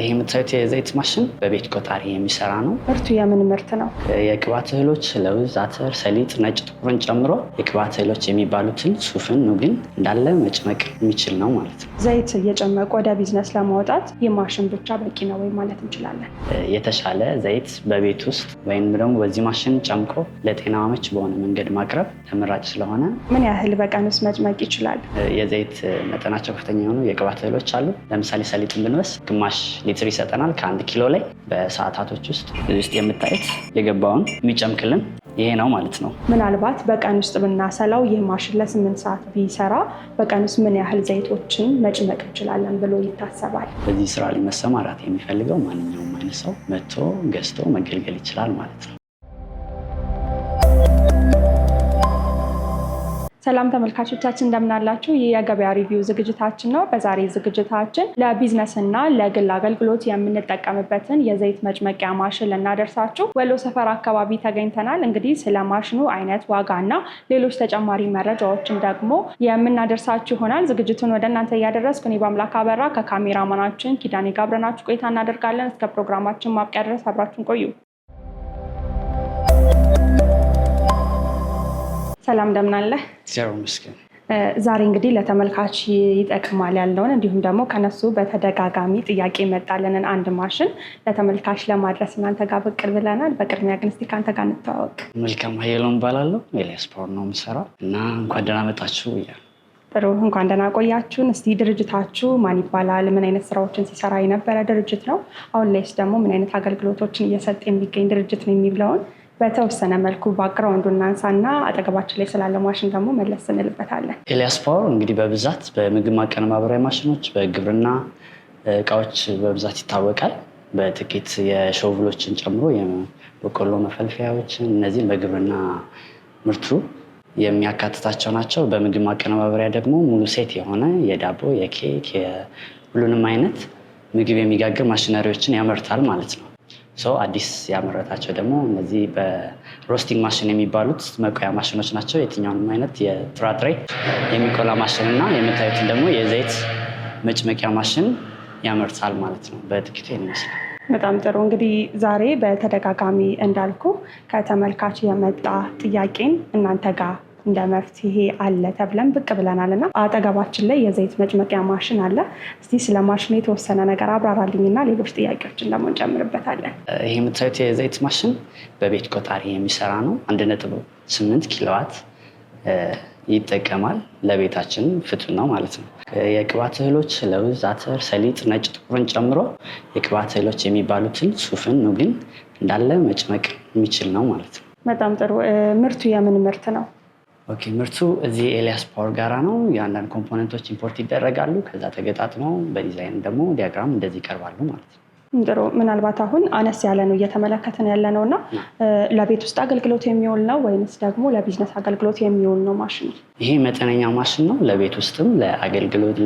ይህ የምታዩት የዘይት ማሽን በቤት ቆጣሪ የሚሰራ ነው። ምርቱ የምን ምርት ነው? የቅባት እህሎች ለውዝ፣ አተር፣ ሰሊጥ፣ ነጭ ጥቁርን ጨምሮ የቅባት እህሎች የሚባሉትን ሱፍን፣ ኑግን እንዳለ መጭመቅ የሚችል ነው ማለት ነው። ዘይት እየጨመቁ ወደ ቢዝነስ ለማውጣት ይህ ማሽን ብቻ በቂ ነው ወይም ማለት እንችላለን? የተሻለ ዘይት በቤት ውስጥ ወይም ደግሞ በዚህ ማሽን ጨምቆ ለጤና አመች በሆነ መንገድ ማቅረብ ተመራጭ ስለሆነ ምን ያህል በቀንስ መጭመቅ ይችላል? የዘይት መጠናቸው ከፍተኛ የሆኑ የቅባት እህሎች አሉ። ለምሳሌ ሰሊጥን ብንወስድ ግማሽ ሊትር ይሰጠናል። ከአንድ ኪሎ ላይ በሰዓታቶች ውስጥ ውስጥ የምታየት የገባውን የሚጨምክልን ይሄ ነው ማለት ነው። ምናልባት በቀን ውስጥ ብናሰላው ይህ ማሽን ለስምንት ሰዓት ቢሰራ በቀን ውስጥ ምን ያህል ዘይቶችን መጭመቅ እንችላለን ብሎ ይታሰባል? በዚህ ስራ ላይ መሰማራት የሚፈልገው ማንኛውም አይነት ሰው መጥቶ ገዝቶ መገልገል ይችላል ማለት ነው። ሰላም ተመልካቾቻችን እንደምናላችሁ። ይህ የገበያ ሪቪው ዝግጅታችን ነው። በዛሬ ዝግጅታችን ለቢዝነስ እና ለግል አገልግሎት የምንጠቀምበትን የዘይት መጭመቂያ ማሽን ልናደርሳችሁ ወሎ ሰፈር አካባቢ ተገኝተናል። እንግዲህ ስለ ማሽኑ አይነት፣ ዋጋ እና ሌሎች ተጨማሪ መረጃዎችን ደግሞ የምናደርሳችሁ ይሆናል። ዝግጅቱን ወደ እናንተ እያደረስኩ እኔ በአምላክ አበራ ከካሜራማናችን ኪዳኔ ጋር አብረናችሁ ቆይታ እናደርጋለን። እስከ ፕሮግራማችን ማብቂያ ድረስ አብራችሁን ቆዩ። ሰላም እንደምን አለህ? እግዚአብሔር ይመስገን። ዛሬ እንግዲህ ለተመልካች ይጠቅማል ያለውን እንዲሁም ደግሞ ከነሱ በተደጋጋሚ ጥያቄ መጣልንን አንድ ማሽን ለተመልካች ለማድረስ እናንተ ጋር ብቅ ብለናል። በቅድሚያ ግን እስኪ ከአንተ ጋር እንተዋወቅ። መልካም ሀየሎም እባላለሁ። ኤልያስ ፓወር ነው የምሰራው እና እንኳን ደህና መጣችሁ ጥሩ እንኳን ደህና ቆያችሁን። እስቲ ድርጅታችሁ ማን ይባላል? ምን አይነት ስራዎችን ሲሰራ የነበረ ድርጅት ነው? አሁን ላይስ ደግሞ ምን አይነት አገልግሎቶችን እየሰጠ የሚገኝ ድርጅት ነው የሚለውን በተወሰነ መልኩ ባክግራውንዱ እናንሳና አጠገባችን ላይ ስላለ ማሽን ደግሞ መለስ እንልበታለን። ኤልያስ ፓወር እንግዲህ በብዛት በምግብ ማቀነባበሪያ ማሽኖች፣ በግብርና እቃዎች በብዛት ይታወቃል። በጥቂት የሾቭሎችን ጨምሮ የበቆሎ መፈልፈያዎችን እነዚህም በግብርና ምርቱ የሚያካትታቸው ናቸው። በምግብ ማቀነባበሪያ ደግሞ ሙሉ ሴት የሆነ የዳቦ፣ የኬክ፣ ሁሉንም አይነት ምግብ የሚጋግር ማሽነሪዎችን ያመርታል ማለት ነው። ሰው አዲስ ያመረታቸው ደግሞ እነዚህ በሮስቲንግ ማሽን የሚባሉት መቆያ ማሽኖች ናቸው። የትኛውንም አይነት የጥራጥሬ የሚቆላ ማሽን እና የምታዩትን ደግሞ የዘይት መጭመቂያ ማሽን ያመርታል ማለት ነው። በጥቂቱ ይመስላል። በጣም ጥሩ እንግዲህ ዛሬ በተደጋጋሚ እንዳልኩ ከተመልካች የመጣ ጥያቄን እናንተ ጋር እንደ መፍትሄ አለ ተብለን ብቅ ብለናል እና አጠገባችን ላይ የዘይት መጭመቂያ ማሽን አለ። እስቲ ስለ ማሽኑ የተወሰነ ነገር አብራራልኝና ሌሎች ጥያቄዎችን ደግሞ እንጨምርበታለን። ይህ የምታዩት የዘይት ማሽን በቤት ቆጣሪ የሚሰራ ነው። አንድ ነጥብ ስምንት ኪሎዋት ይጠቀማል። ለቤታችን ፍቱን ነው ማለት ነው። የቅባት እህሎች ለውዝ፣ አተር፣ ሰሊጥ፣ ነጭ ጥቁርን ጨምሮ የቅባት እህሎች የሚባሉትን ሱፍን፣ ኑግን እንዳለ መጭመቅ የሚችል ነው ማለት ነው። በጣም ጥሩ። ምርቱ የምን ምርት ነው? ኦኬ ምርቱ እዚህ ኤልያስ ፓወር ጋራ ነው። የአንዳንድ ኮምፖነንቶች ኢምፖርት ይደረጋሉ። ከዛ ተገጣጥመው በዲዛይን ደግሞ ዲያግራም እንደዚህ ይቀርባሉ ማለት ነው። ጥሩ። ምናልባት አሁን አነስ ያለ ነው እየተመለከትን ያለ ነው እና ለቤት ውስጥ አገልግሎት የሚውል ነው ወይንስ ደግሞ ለቢዝነስ አገልግሎት የሚውል ነው ማሽን ይሄ መጠነኛ ማሽን ነው። ለቤት ውስጥም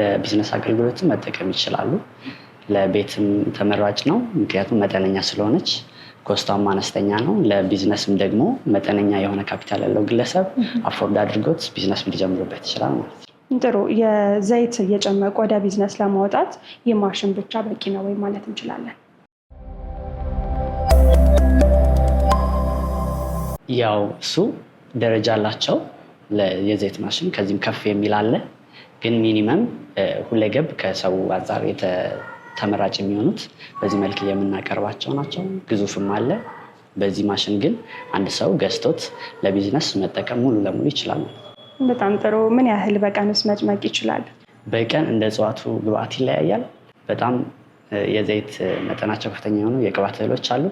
ለቢዝነስ አገልግሎትም መጠቀም ይችላሉ። ለቤትም ተመራጭ ነው፣ ምክንያቱም መጠነኛ ስለሆነች ኮስቷም አነስተኛ ነው። ለቢዝነስም ደግሞ መጠነኛ የሆነ ካፒታል ያለው ግለሰብ አፎርድ አድርጎት ቢዝነስ ሊጀምሩበት ይችላል ማለት ነው። ጥሩ። የዘይት እየጨመቁ ወደ ቢዝነስ ለማውጣት ይህ ማሽን ብቻ በቂ ነው ወይም ማለት እንችላለን? ያው እሱ ደረጃ አላቸው። የዘይት ማሽን ከዚህም ከፍ የሚል አለ። ግን ሚኒመም ሁለገብ ከሰው አንጻር ተመራጭ የሚሆኑት በዚህ መልክ የምናቀርባቸው ናቸው። ግዙፍም አለ። በዚህ ማሽን ግን አንድ ሰው ገዝቶት ለቢዝነስ መጠቀም ሙሉ ለሙሉ ይችላል። በጣም ጥሩ። ምን ያህል በቀን ውስጥ መጭመቅ ይችላል? በቀን እንደ እጽዋቱ ግብአት ይለያያል። በጣም የዘይት መጠናቸው ከፍተኛ የሆኑ የቅባት እህሎች አሉ።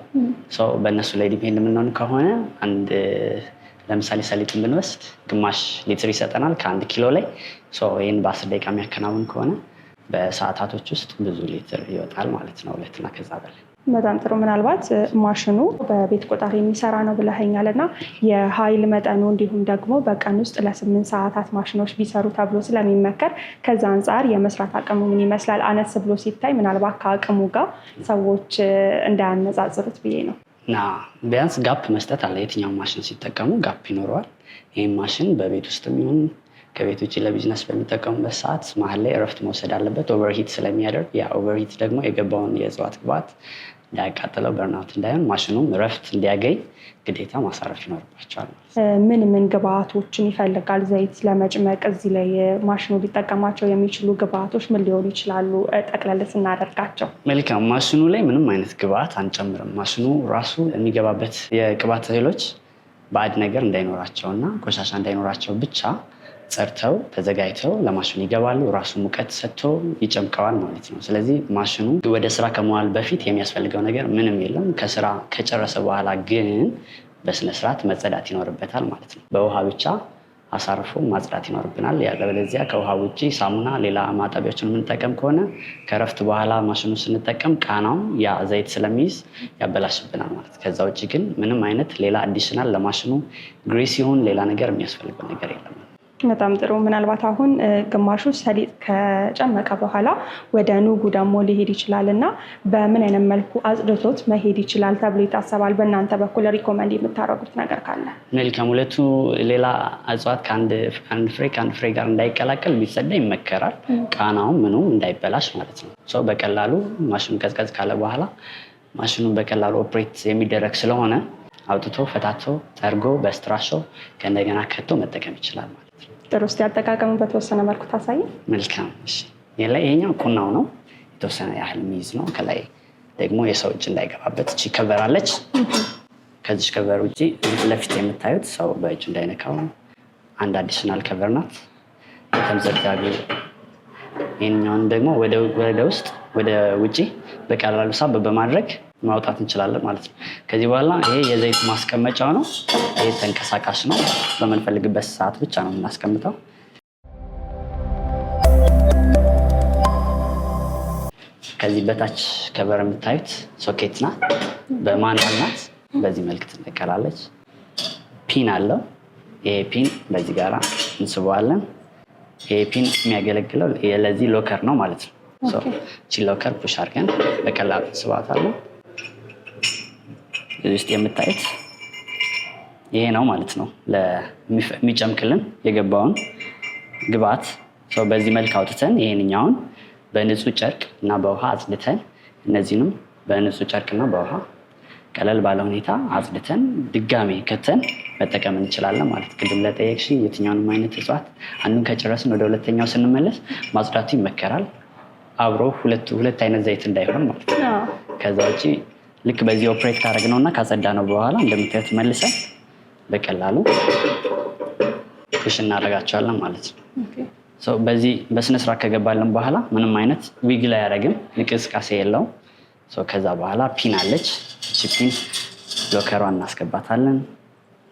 ሰው በእነሱ ላይ ዲፔንድ የምንሆን ከሆነ አንድ ለምሳሌ ሰሊጥን ብንወስድ ግማሽ ሊትር ይሰጠናል ከአንድ ኪሎ ላይ። ይህን በአስር ደቂቃ የሚያከናውን ከሆነ በሰዓታቶች ውስጥ ብዙ ሊትር ይወጣል ማለት ነው። ሁለትና ከዛ በላይ በጣም ጥሩ። ምናልባት ማሽኑ በቤት ቆጣሪ የሚሰራ ነው ብለኸኛል እና የኃይል መጠኑ እንዲሁም ደግሞ በቀን ውስጥ ለስምንት ሰዓታት ማሽኖች ቢሰሩ ተብሎ ስለሚመከር ከዛ አንጻር የመስራት አቅሙ ምን ይመስላል? አነስ ብሎ ሲታይ ምናልባት ከአቅሙ ጋር ሰዎች እንዳያነጻጽሩት ብዬ ነው ና ቢያንስ ጋፕ መስጠት አለ። የትኛው ማሽን ሲጠቀሙ ጋፕ ይኖረዋል። ይህም ማሽን በቤት ውስጥ የሚሆን ከቤት ውጭ ለቢዝነስ በሚጠቀሙበት ሰዓት መሀል ላይ እረፍት መውሰድ አለበት። ኦቨርሂት ስለሚያደርግ ያ ኦቨርሂት ደግሞ የገባውን የእጽዋት ግባት እንዳያቃጥለው በርናት እንዳይሆን ማሽኑም እረፍት እንዲያገኝ ግዴታ ማሳረፍ ይኖርባቸዋል። ምን ምን ግብዓቶችን ይፈልጋል? ዘይት ለመጭመቅ እዚህ ላይ ማሽኑ ሊጠቀማቸው የሚችሉ ግብአቶች ምን ሊሆኑ ይችላሉ? ጠቅለል ስናደርጋቸው። መልካም። ማሽኑ ላይ ምንም አይነት ግብአት አንጨምርም። ማሽኑ ራሱ የሚገባበት የቅባት እህሎች በአድ ነገር እንዳይኖራቸው እና ቆሻሻ እንዳይኖራቸው ብቻ ጸርተው ተዘጋጅተው ለማሽኑ ይገባሉ። ራሱ ሙቀት ሰጥቶ ይጨምቀዋል ማለት ነው። ስለዚህ ማሽኑ ወደ ስራ ከመዋል በፊት የሚያስፈልገው ነገር ምንም የለም። ከስራ ከጨረሰ በኋላ ግን በስነስርዓት መጸዳት ይኖርበታል ማለት ነው። በውሃ ብቻ አሳርፎ ማጽዳት ይኖርብናል። ያለበለዚያ ከውሃ ውጭ ሳሙና፣ ሌላ ማጠቢያዎችን የምንጠቀም ከሆነ ከረፍት በኋላ ማሽኑ ስንጠቀም ቃናው ያ ዘይት ስለሚይዝ ያበላሽብናል ማለት። ከዛ ውጭ ግን ምንም አይነት ሌላ አዲሽናል ለማሽኑ ግሪስ ይሁን ሌላ ነገር የሚያስፈልገው ነገር የለም። በጣም ጥሩ። ምናልባት አሁን ግማሹ ሰሊጥ ከጨመቀ በኋላ ወደ ኑጉ ደግሞ ሊሄድ ይችላል እና በምን አይነት መልኩ አጽድቶት መሄድ ይችላል ተብሎ ይታሰባል? በእናንተ በኩል ሪኮመንድ የምታደርጉት ነገር ካለ። መልካም። ሁለቱ ሌላ እጽዋት ከአንድ ፍሬ ከአንድ ፍሬ ጋር እንዳይቀላቀል ቢጸዳ ይመከራል። ቃናውም ምኑ እንዳይበላሽ ማለት ነው። ሰው በቀላሉ ማሽኑ ቀዝቀዝ ካለ በኋላ ማሽኑን በቀላሉ ኦፕሬት የሚደረግ ስለሆነ አውጥቶ ፈታቶ ጠርጎ በስትራሾ ከእንደገና ከቶ መጠቀም ይችላል ማለት ነው። ጥሩ። እስኪ አጠቃቀሙ በተወሰነ መልኩ ታሳይ። መልካም። ይሄኛው ቁናው ነው፣ የተወሰነ ያህል የሚይዝ ነው። ከላይ ደግሞ የሰው እጅ እንዳይገባበት እቺ ከበራለች። ከዚች ከበር ውጭ ለፊት የምታዩት ሰው በእጅ እንዳይነካው ነው። አንድ አዲሽናል ከበር ናት። ተምዘጋቢ ይህኛውን ደግሞ ወደ ውስጥ ወደ ውጭ በቀላሉ ሳብ በማድረግ ማውጣት እንችላለን ማለት ነው። ከዚህ በኋላ ይሄ የዘይት ማስቀመጫ ነው። ይሄ ተንቀሳቃሽ ነው። በምንፈልግበት ሰዓት ብቻ ነው የምናስቀምጠው። ከዚህ በታች ከበር የምታዩት ሶኬት ናት፣ በማንዋል ናት። በዚህ መልክ ትነቀላለች። ፒን አለው። ይሄ ፒን በዚህ ጋር እንስበዋለን። ይሄ ፒን የሚያገለግለው ለዚህ ሎከር ነው ማለት ነው። ቺ ሎከር ፑሽ አድርገን በቀላሉ እንስባታለን። ውስጥ የምታዩት ይሄ ነው ማለት ነው። የሚጨምቅልን የገባውን ግብዓት ሰው በዚህ መልክ አውጥተን ይሄንኛውን በንጹህ ጨርቅ እና በውሃ አጽድተን እነዚህንም በንጹህ እና በውሃ ቀለል ባለ ሁኔታ አጽድተን ድጋሜ ከተን መጠቀም እንችላለን ማለት ቅድም ለጠየቅሽ የትኛውንም አይነት እጽዋት አንዱን ከጨረስን ወደ ሁለተኛው ስንመለስ ማጽዳቱ ይመከራል። አብሮ ሁለት አይነት ዘይት እንዳይሆን ማለት ነው። ከዛ ውጭ ልክ በዚህ ኦፕሬት ነው እና ካጸዳ ነው በኋላ እንደምታዩት መልሰን በቀላሉ ሽ እናደርጋቸዋለን ማለት ነው። በዚህ በስነስርዓት ከገባልን በኋላ ምንም አይነት ዊግ ላይ አያደርግም፣ እንቅስቃሴ የለውም። ከዛ በኋላ ፒን አለች። እቺ ፒን ሎከሯ እናስገባታለን።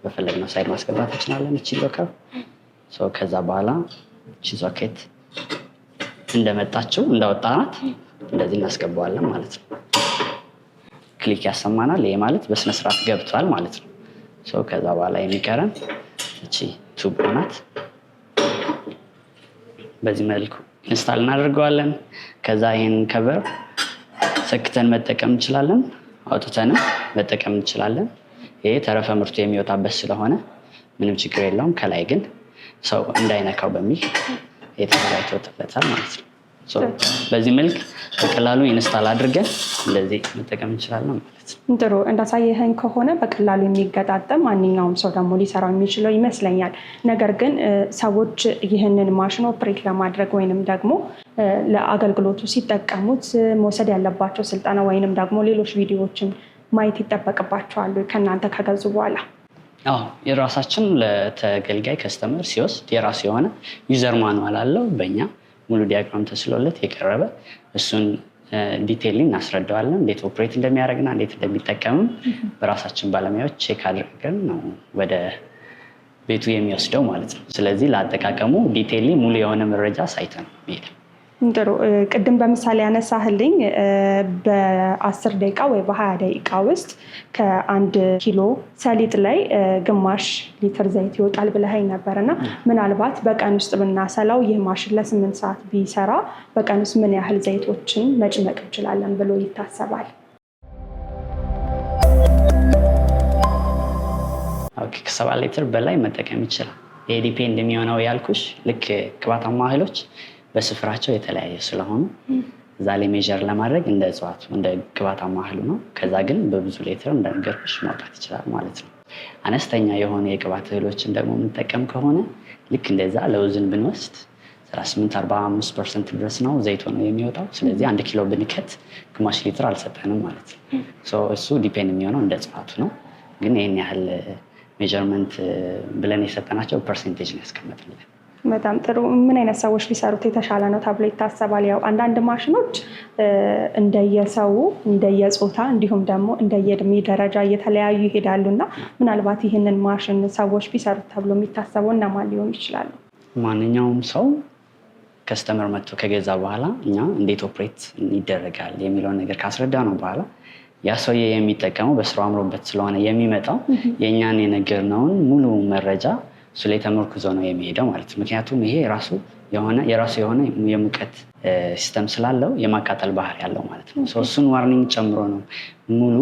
በፈለግነው ሳይድ ማስገባት እንችላለን። እቺ ሎከር ከዛ በኋላ እቺ ሶኬት እንደመጣችው እንዳወጣናት እንደዚህ እናስገባዋለን ማለት ነው። ክሊክ ያሰማናል። ይሄ ማለት በስነስርዓት ገብቷል ማለት ነው። ከዛ በኋላ የሚቀረን እቺ ቱቦ ናት። በዚህ መልኩ ኢንስታል እናደርገዋለን። ከዛ ይህን ከበር ሰክተን መጠቀም እንችላለን፣ አውጥተንም መጠቀም እንችላለን። ይሄ ተረፈ ምርቱ የሚወጣበት ስለሆነ ምንም ችግር የለውም። ከላይ ግን ሰው እንዳይነካው በሚል የተዘጋጅቶለታል ማለት ነው። በዚህ መልክ በቀላሉ ኢንስታል አድርገን እንደዚህ መጠቀም እንችላለን ማለት ነው። ጥሩ እንዳሳየህን ከሆነ በቀላሉ የሚገጣጠም ማንኛውም ሰው ደግሞ ሊሰራው የሚችለው ይመስለኛል። ነገር ግን ሰዎች ይህንን ማሽን ኦፕሬት ለማድረግ ወይንም ደግሞ ለአገልግሎቱ ሲጠቀሙት መውሰድ ያለባቸው ስልጠና ወይንም ደግሞ ሌሎች ቪዲዮዎችን ማየት ይጠበቅባቸዋሉ ከእናንተ ከገዙ በኋላ? አዎ የራሳችን ለተገልጋይ ከስተመር ሲወስድ የራሱ የሆነ ዩዘር ማኑዋል አለው በእኛ ሙሉ ዲያግራም ተስሎለት የቀረበ እሱን ዲቴይል እናስረዳዋለን። እንዴት ኦፕሬት እንደሚያደርግና እንዴት እንደሚጠቀምም በራሳችን ባለሙያዎች ቼክ አድርገን ነው ወደ ቤቱ የሚወስደው ማለት ነው። ስለዚህ ለአጠቃቀሙ ዲቴይል ሙሉ የሆነ መረጃ ሳይተ ነው ጥሩ ቅድም በምሳሌ ያነሳህልኝ በአስር ደቂቃ ወይ በሀያ ደቂቃ ውስጥ ከአንድ ኪሎ ሰሊጥ ላይ ግማሽ ሊትር ዘይት ይወጣል ብለኸኝ ነበር እና ምናልባት በቀን ውስጥ ብናሰላው ይህ ማሽን ለስምንት ሰዓት ቢሰራ በቀን ውስጥ ምን ያህል ዘይቶችን መጭመቅ እንችላለን ብሎ ይታሰባል? ከሰባ ሊትር በላይ መጠቀም ይችላል። ይሄ ዲፔንድ የሚሆነው ያልኩሽ ልክ ቅባታማ እህሎች በስፍራቸው የተለያየ ስለሆኑ እዛ ላይ ሜዥር ለማድረግ እንደ እጽዋቱ እንደ ግብአታማ እህሉ ነው። ከዛ ግን በብዙ ሌትር እንደነገርኩሽ ማውጣት ይችላል ማለት ነው። አነስተኛ የሆነ የቅባት እህሎችን ደግሞ የምንጠቀም ከሆነ ልክ እንደዛ ለውዝን ብንወስድ 38 45 ፐርሰንት ድረስ ነው ዘይቶ ነው የሚወጣው። ስለዚህ አንድ ኪሎ ብንከት ግማሽ ሊትር አልሰጠንም ማለት ነው። እሱ ዲፔንድ የሚሆነው እንደ እጽዋቱ ነው። ግን ይህን ያህል ሜዥርመንት ብለን የሰጠናቸው ፐርሰንቴጅ ነው ያስቀመጥልን። በጣም ጥሩ። ምን አይነት ሰዎች ሊሰሩት የተሻለ ነው ተብሎ ይታሰባል? ያው አንዳንድ ማሽኖች እንደየሰው እንደየጾታ፣ እንዲሁም ደግሞ እንደየእድሜ ደረጃ እየተለያዩ ይሄዳሉ እና ምናልባት ይህንን ማሽን ሰዎች ቢሰሩት ተብሎ የሚታሰበው እነማን ሊሆን ይችላሉ? ማንኛውም ሰው ከስተመር መጥቶ ከገዛ በኋላ እኛ እንዴት ኦፕሬት ይደረጋል የሚለውን ነገር ካስረዳ ነው በኋላ ያ ሰውዬ የሚጠቀመው በስራው አምሮበት ስለሆነ የሚመጣው የእኛን የነገርነውን ሙሉ መረጃ እሱ ላይ ተመርኩዞ ነው የሚሄደው ማለት ነው። ምክንያቱም ይሄ ራሱ የራሱ የሆነ የሙቀት ሲስተም ስላለው የማቃጠል ባህሪ ያለው ማለት ነው። እሱን ዋርኒንግ ጨምሮ ነው ሙሉ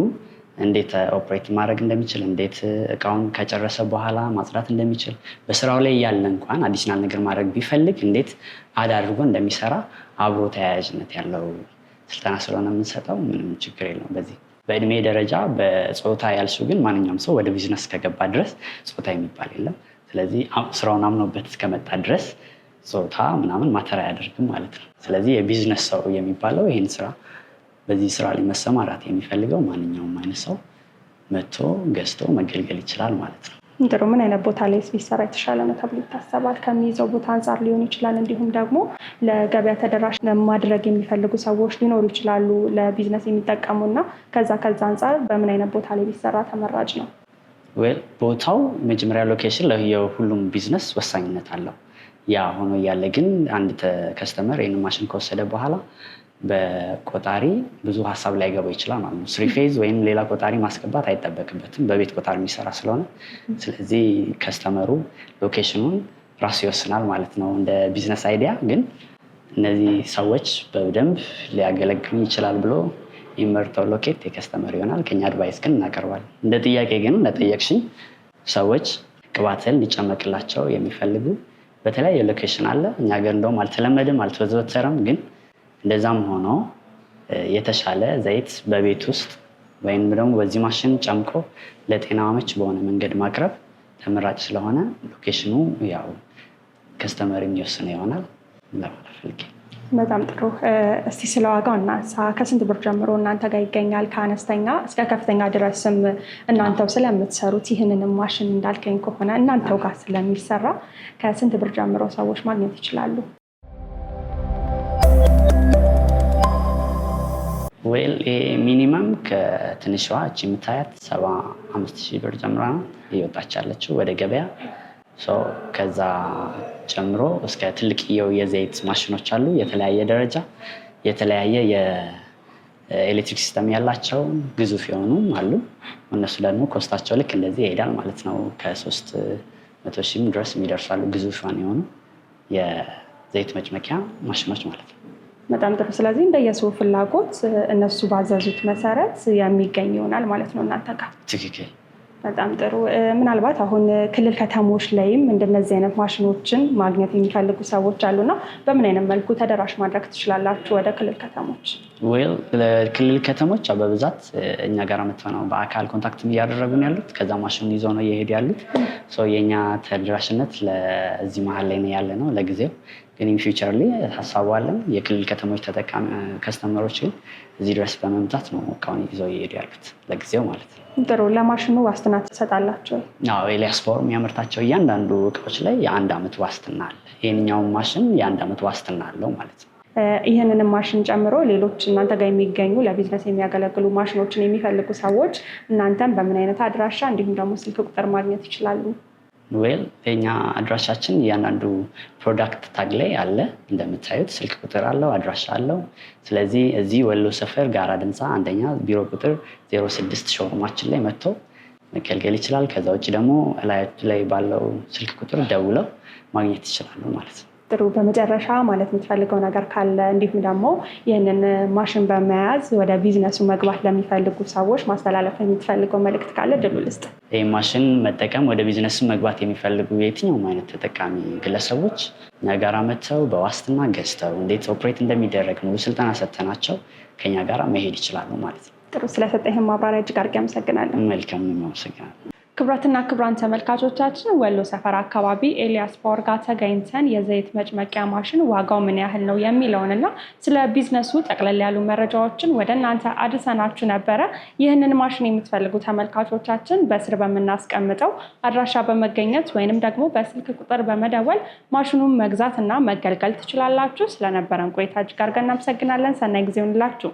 እንዴት ኦፕሬት ማድረግ እንደሚችል እንዴት እቃውን ከጨረሰ በኋላ ማጽዳት እንደሚችል በስራው ላይ ያለ እንኳን አዲሽናል ነገር ማድረግ ቢፈልግ እንዴት አድ አድርጎ እንደሚሰራ አብሮ ተያያዥነት ያለው ስልጠና ስለሆነ የምንሰጠው ምንም ችግር የለውም በዚህ በእድሜ ደረጃ በፆታ ያልሱ ግን ማንኛውም ሰው ወደ ቢዝነስ ከገባ ድረስ ፆታ የሚባል የለም። ስለዚህ ስራውን አምኖበት እስከመጣ ድረስ ጾታ ምናምን ማተር አያደርግም ማለት ነው። ስለዚህ የቢዝነስ ሰው የሚባለው ይህን ስራ በዚህ ስራ ላይ መሰማራት የሚፈልገው ማንኛውም አይነት ሰው መጥቶ ገዝቶ መገልገል ይችላል ማለት ነው። ጥሩ። ምን አይነት ቦታ ላይ ቢሰራ የተሻለ ነው ተብሎ ይታሰባል? ከሚይዘው ቦታ አንጻር ሊሆን ይችላል። እንዲሁም ደግሞ ለገበያ ተደራሽ ማድረግ የሚፈልጉ ሰዎች ሊኖሩ ይችላሉ፣ ለቢዝነስ የሚጠቀሙና ከዛ ከዛ አንጻር በምን አይነት ቦታ ላይ ቢሰራ ተመራጭ ነው? ቦታው መጀመሪያ ሎኬሽን የሁሉም ቢዝነስ ወሳኝነት አለው። ያ ሆኖ እያለ ግን አንድ ከስተመር ይህን ማሽን ከወሰደ በኋላ በቆጣሪ ብዙ ሀሳብ ላይ ገባ ይችላል ማለት ነው። ስሪ ፌዝ ወይም ሌላ ቆጣሪ ማስገባት አይጠበቅበትም በቤት ቆጣሪ የሚሰራ ስለሆነ፣ ስለዚህ ከስተመሩ ሎኬሽኑን ራሱ ይወስናል ማለት ነው። እንደ ቢዝነስ አይዲያ ግን እነዚህ ሰዎች በደንብ ሊያገለግሉ ይችላል ብሎ የሚመርጠው ሎኬት የከስተመር ይሆናል። ከኛ አድቫይስ ግን እናቀርባል። እንደ ጥያቄ ግን ለጠየቅሽኝ ሰዎች ቅባትን ሊጨመቅላቸው የሚፈልጉ በተለያየ ሎኬሽን አለ። እኛ ገር እንደውም አልተለመድም አልተዘወተረም። ግን እንደዛም ሆኖ የተሻለ ዘይት በቤት ውስጥ ወይም ደግሞ በዚህ ማሽን ጨምቆ ለጤና አመች በሆነ መንገድ ማቅረብ ተመራጭ ስለሆነ ሎኬሽኑ ያው ከስተመር የሚወስነ ይሆናል ለማለፍልጌ በጣም ጥሩ። እስቲ ስለ ዋጋው እናንሳ። ከስንት ብር ጀምሮ እናንተ ጋር ይገኛል? ከአነስተኛ እስከ ከፍተኛ ድረስም እናንተው ስለምትሰሩት ይህንንም ማሽን እንዳልከኝ ከሆነ እናንተው ጋር ስለሚሰራ ከስንት ብር ጀምሮ ሰዎች ማግኘት ይችላሉ? ወይል ሚኒመም ከትንሿ እች የምታያት ሰባ አምስት ሺህ ብር ጀምራ ነው እየወጣች ያለችው ወደ ገበያ ከዛ ጀምሮ እስከ ትልቅየው የዘይት ማሽኖች አሉ። የተለያየ ደረጃ የተለያየ የኤሌክትሪክ ሲስተም ያላቸው ግዙፍ የሆኑ አሉ። እነሱ ደግሞ ኮስታቸው ልክ እንደዚህ ይሄዳል ማለት ነው። ከሶስት መቶ ሺህም ድረስ የሚደርሳሉ ግዙፋን የሆኑ የዘይት መጭመቂያ ማሽኖች ማለት ነው። በጣም ጥሩ። ስለዚህ እንደየሰው ፍላጎት እነሱ ባዘዙት መሰረት የሚገኝ ይሆናል ማለት ነው እናንተ ጋር ትክክል በጣም ጥሩ። ምናልባት አሁን ክልል ከተሞች ላይም እንደነዚህ አይነት ማሽኖችን ማግኘት የሚፈልጉ ሰዎች አሉና በምን አይነት መልኩ ተደራሽ ማድረግ ትችላላችሁ ወደ ክልል ከተሞች? ወይል ለክልል ከተሞች በብዛት እኛ ጋር መጥተው ነው በአካል ኮንታክት እያደረጉን ያሉት። ከዛ ማሽኑን ይዘው ነው እየሄዱ ያሉት። የእኛ ተደራሽነት ለዚህ መሀል ላይ ነው ያለ ነው ለጊዜው ግን ኢን ፊውቸር ላይ ሀሳቡ የክልል ከተሞች ተጠቃሚ ከስተመሮች ግን እዚህ ድረስ በመምጣት ነው እቃውን ይዘው እየሄዱ ያሉት ለጊዜው ማለት ነው። ጥሩ። ለማሽኑ ዋስትና ትሰጣላቸው? ኤልያስ ፓወር የሚያመርታቸው እያንዳንዱ እቃዎች ላይ የአንድ ዓመት ዋስትና አለ። ይህንኛውን ማሽን የአንድ ዓመት ዋስትና አለው ማለት ነው። ይህንንም ማሽን ጨምሮ ሌሎች እናንተ ጋር የሚገኙ ለቢዝነስ የሚያገለግሉ ማሽኖችን የሚፈልጉ ሰዎች እናንተን በምን አይነት አድራሻ እንዲሁም ደግሞ ስልክ ቁጥር ማግኘት ይችላሉ? ዌል የኛ አድራሻችን እያንዳንዱ ፕሮዳክት ታግ ላይ አለ። እንደምታዩት ስልክ ቁጥር አለው፣ አድራሻ አለው። ስለዚህ እዚህ ወሎ ሰፈር ጋራ ድምፃ አንደኛ ቢሮ ቁጥር 06 ሾሩማችን ላይ መጥቶ መገልገል ይችላል። ከዛ ውጭ ደግሞ እላያቱ ላይ ባለው ስልክ ቁጥር ደውለው ማግኘት ይችላሉ ማለት ነው። ጥሩ በመጨረሻ ማለት የምትፈልገው ነገር ካለ እንዲሁም ደግሞ ይህንን ማሽን በመያዝ ወደ ቢዝነሱ መግባት ለሚፈልጉ ሰዎች ማስተላለፍ የምትፈልገው መልእክት ካለ ድሉ ልስጥ። ይህ ማሽን መጠቀም ወደ ቢዝነሱ መግባት የሚፈልጉ የትኛውም አይነት ተጠቃሚ ግለሰቦች ጋራ መጥተው በዋስትና ገዝተው እንዴት ኦፕሬት እንደሚደረግ ሙሉ ስልጠና ሰጥተናቸው ከኛ ጋር መሄድ ይችላሉ ማለት ነው። ጥሩ ስለሰጠህ ማብራሪያ እጅግ አድርጌ አመሰግናለሁ። መልካም አመሰግናለሁ። ክብረትና ክብራን ተመልካቾቻችን ወሎ ሰፈር አካባቢ ኤልያስ ፓወር ጋር ተገኝተን የዘይት መጭመቂያ ማሽን ዋጋው ምን ያህል ነው የሚለውንና ስለ ቢዝነሱ ጠቅለል ያሉ መረጃዎችን ወደ እናንተ አድርሰናችሁ ነበረ። ይህንን ማሽን የምትፈልጉ ተመልካቾቻችን በስር በምናስቀምጠው አድራሻ በመገኘት ወይንም ደግሞ በስልክ ቁጥር በመደወል ማሽኑን መግዛት እና መገልገል ትችላላችሁ። ስለነበረን ቆይታ እጅግ አድርገን እናመሰግናለን። ሰናይ ጊዜ ሁንላችሁ።